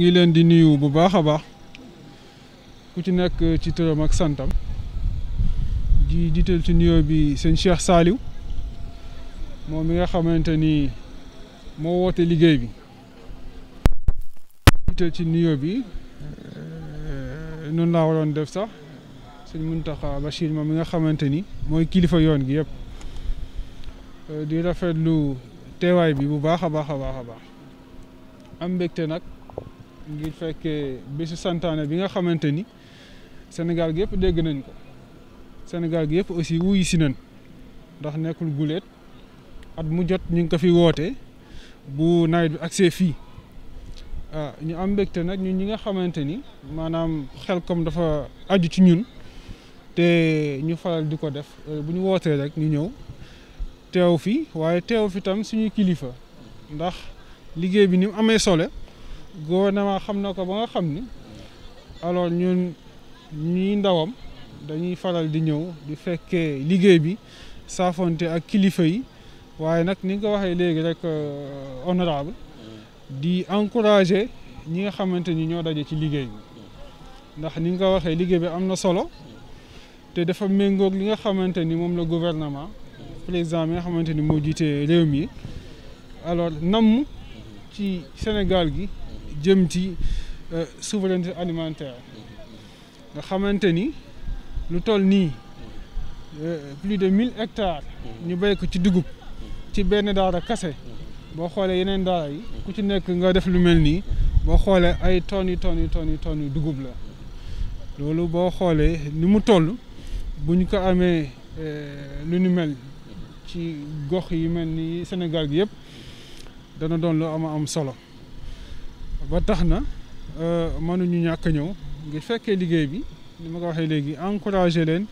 ngi leen di nuyu bu baax a baax ku ci nekk ci turam ak santam ji jiital ci nuyoo bi sëñ Cheikh Saliou moom mi nga xamante ni moo woote liggéey bi jiital ci nuyoo bi noonu laa def sax sëñ Mountakha mi nga xamante ni mooy kilifa yoon gi yëpp di rafet lu teewaay bi bu baax a baax a baax a baax am mbégte nag ngir fekkee bésu santaane bi nga xamante ni Sénégal gi yëpp dégg nañ ko Sénégal gi yëpp aussi wuyu si nañ ndax nekkul guléet at mu jot ñu ngi ko fi woote bu nawet bi agsee fii ah ñu am mbégte nag ñun ñi nga xamante ni maanaam xel comme dafa aju ci ñun te ñu faral di ko def bu ñu wootee rek ñu ñëw teew fi waaye teew fi tam suñuy kilifa ndax liggéey bi ni mu amee sole gouvernement xam na ko ba nga xam ni alors ñun ñuy ndawam dañuy faral di ñëw di fekkee liggéey bi saafonte ak kilifa yi waaye nag ni nga ko waxee léegi rek euh, honorable di encourager ñi nga xamante ni ñoo daje ci liggéey bi ndax ni nga ko waxee liggéey bi am na solo te dafa méngoog li nga xamante ni moom la gouvernement président bi nga xamante ni moo jiite réew mi alors namm ci Sénégal gi jëm ci euh, souveraineté alimentaire nga xamante ni lu toll nii euh, plus de mille hectares ñu bay ko ci dugub ci benn daara kase boo xoolee yeneen daara yi ku ci nekk nga def lu mel nii boo xoolee ay tonnes yi tonnes yi tonnes yi tonnes yi dugub la loolu boo xoolee ni mu toll bu ñu ko amee euh, lu nu mel ci gox yi mel ni Sénégal gi yëpp dana doon lu am am solo ba tax na euh, mënuñu ñàkk ñëw ngir fekkee liggéey bi ni ma ko waxee léegi encouragé leen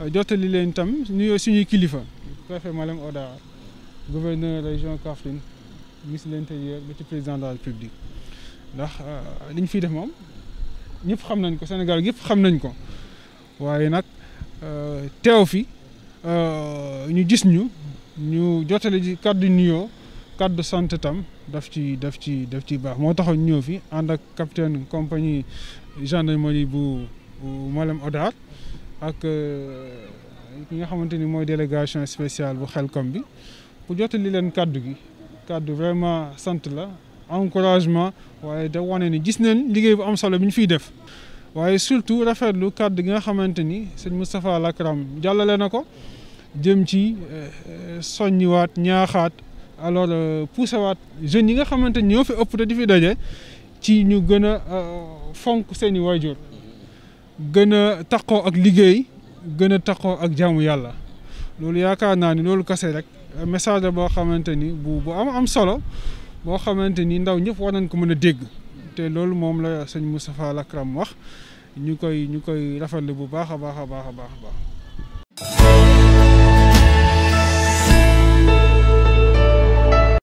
euh, jottali leen tam nuyoo suñuy kilifa préfet Malem Odar gouverneur région Kaffrine ministre de l'intérieur ba ci président de la République ndax euh, liñ fiy def moom ñëpp xam nañ ko Sénégal yëpp xam nañ ko waaye nag teew fi ñu gis ñu ñu jottali ji kàddu nuyoo carte sant tam daf ci daf ci daf ci baax moo taxoon ñëw fi ànd ak capitaine compagnie gendarmerie bu Malem Odar ak euh, ki nga xamante ni mooy délégation spéciale bu xel xelkom bi pour jotali leen kaddu gi kaddu vraiment sant la encouragement waaye da wane ni gis neen liggéey bu am solo bi ñu fiy def waaye surtout rafetlu kàddu gi nga xamante ni sëñ Moustapha Lakram jàllale na ko jëm ci euh, euh, soññiwaat ñaaxaat alors euh, poussé waat jeunes yi nga xamante ñoo fi ëpp te di fi daje ci ñu gën a euh, fonk seen i waajur gën a taqoo ak liggéey gën a taqoo ak jaamu yàlla loolu yaakaar naa ni loolu kase rek message boo xamante ni bu bu am am solo boo xamante ni ndaw ñëpp war nañ ko mën a dégg te loolu moom la sëñ Moustapha Lakram wax ñu koy ñu koy rafetlu bu baax a baax a baax a baax.